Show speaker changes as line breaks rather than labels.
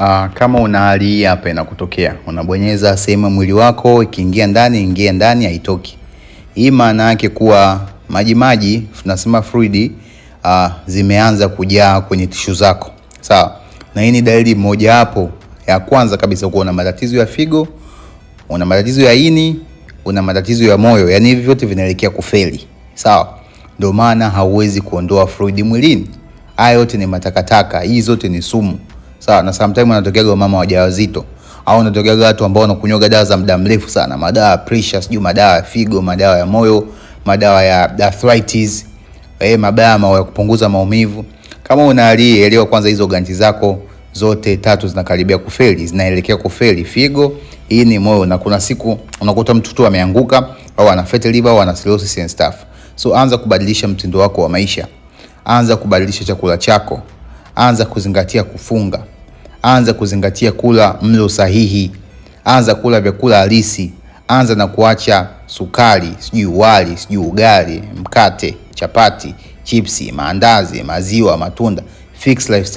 Uh, kama una hali hii hapa inakutokea, unabonyeza sehemu ya mwili wako, ikiingia ndani ingia ndani, haitoki. Hii maana yake kuwa maji maji tunasema fluid uh, zimeanza kujaa kwenye tishu zako, sawa. Na hii ni dalili moja hapo ya kwanza kabisa, kuwa una matatizo ya figo, una matatizo ya ini, una matatizo ya moyo, yani hivi vyote vinaelekea kufeli, sawa. Ndio maana hauwezi kuondoa fluid mwilini. Haya yote ni matakataka, hii zote ni sumu sawa. Na sometimes wanatokeaga mama wajawazito au wanatokeaga watu ambao wanakunywaga dawa za muda mrefu sana, madawa ya pressure, sijui madawa ya figo, madawa ya moyo, madawa ya arthritis, eh, mabaya ya kupunguza maumivu. Kama una unali elewa kwanza hizo ganti zako zote tatu zinakaribia kufeli, zinaelekea kufeli, figo hii ni moyo, na kuna siku unakuta mtu tu ameanguka au ana fatty liver au ana cirrhosis and stuff. So anza kubadilisha mtindo wako wa maisha, anza kubadilisha chakula chako, anza kuzingatia kufunga anza kuzingatia kula mlo sahihi, anza kula vyakula halisi, anza na kuacha sukari, sijui wali, sijui ugali, mkate, chapati, chipsi, maandazi, maziwa, matunda. Fix lifestyle.